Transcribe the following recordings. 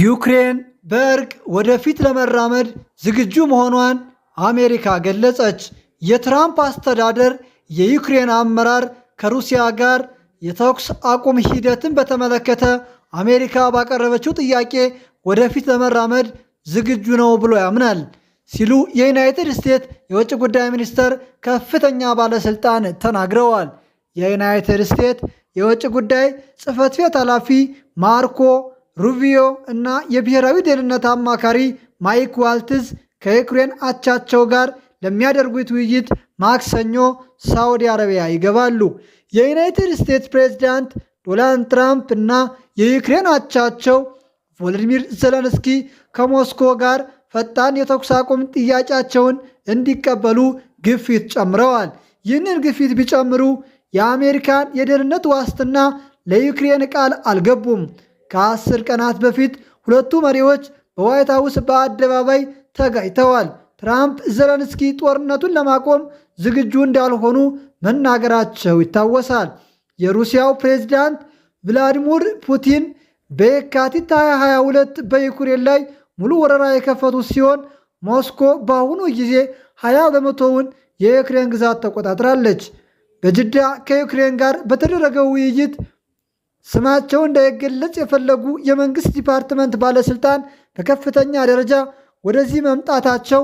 ዩክሬን በእርቅ ወደፊት ለመራመድ ዝግጁ መሆኗን አሜሪካ ገለጸች። የትራምፕ አስተዳደር የዩክሬን አመራር ከሩሲያ ጋር የተኩስ አቁም ሂደትን በተመለከተ አሜሪካ ባቀረበችው ጥያቄ ወደፊት ለመራመድ ዝግጁ ነው ብሎ ያምናል ሲሉ የዩናይትድ ስቴትስ የውጭ ጉዳይ ሚኒስቴር ከፍተኛ ባለስልጣን ተናግረዋል። የዩናይትድ ስቴትስ የውጭ ጉዳይ ጽህፈት ቤት ኃላፊ ማርኮ ሩቢዮ እና የብሔራዊ ደህንነት አማካሪ ማይክ ዋልትዝ ከዩክሬን አቻቸው ጋር ለሚያደርጉት ውይይት ማክሰኞ ሳዑዲ አረቢያ ይገባሉ። የዩናይትድ ስቴትስ ፕሬዚዳንት ዶናልድ ትራምፕ እና የዩክሬን አቻቸው ቮሎዲሚር ዘለንስኪ ከሞስኮ ጋር ፈጣን የተኩስ አቁም ጥያቄያቸውን እንዲቀበሉ ግፊት ጨምረዋል። ይህንን ግፊት ቢጨምሩ የአሜሪካን የደህንነት ዋስትና ለዩክሬን ቃል አልገቡም። ከአስር ቀናት በፊት ሁለቱ መሪዎች በዋይት ሀውስ በአደባባይ ተጋጭተዋል። ትራምፕ ዘለንስኪ ጦርነቱን ለማቆም ዝግጁ እንዳልሆኑ መናገራቸው ይታወሳል። የሩሲያው ፕሬዝዳንት ቭላዲሚር ፑቲን በየካቲት 2022 በዩክሬን ላይ ሙሉ ወረራ የከፈቱት ሲሆን ሞስኮ በአሁኑ ጊዜ 20 በመቶውን የዩክሬን ግዛት ተቆጣጥራለች። በጅዳ ከዩክሬን ጋር በተደረገው ውይይት ስማቸው እንዳይገለጽ የፈለጉ የመንግስት ዲፓርትመንት ባለስልጣን በከፍተኛ ደረጃ ወደዚህ መምጣታቸው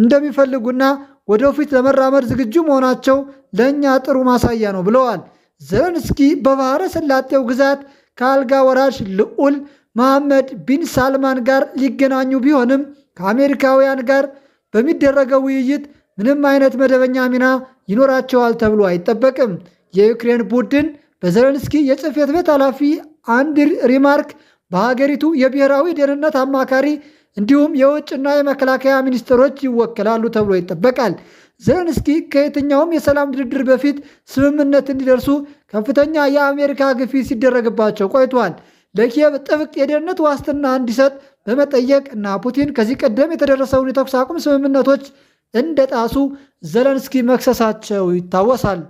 እንደሚፈልጉና ወደፊት ለመራመድ ዝግጁ መሆናቸው ለእኛ ጥሩ ማሳያ ነው ብለዋል። ዘለንስኪ በባህረ ሰላጤው ግዛት ከአልጋ ወራሽ ልዑል መሐመድ ቢን ሳልማን ጋር ሊገናኙ ቢሆንም ከአሜሪካውያን ጋር በሚደረገው ውይይት ምንም አይነት መደበኛ ሚና ይኖራቸዋል ተብሎ አይጠበቅም። የዩክሬን ቡድን በዘለንስኪ የጽህፈት ቤት ኃላፊ አንድ ሪማርክ በሀገሪቱ የብሔራዊ ደህንነት አማካሪ እንዲሁም የውጭና የመከላከያ ሚኒስትሮች ይወከላሉ ተብሎ ይጠበቃል። ዘለንስኪ ከየትኛውም የሰላም ድርድር በፊት ስምምነት እንዲደርሱ ከፍተኛ የአሜሪካ ግፊት ሲደረግባቸው ቆይቷል። ለኪየቭ ጥብቅ የደህንነት ዋስትና እንዲሰጥ በመጠየቅ እና ፑቲን ከዚህ ቀደም የተደረሰውን የተኩስ አቁም ስምምነቶች እንደጣሱ ዘለንስኪ መክሰሳቸው ይታወሳል።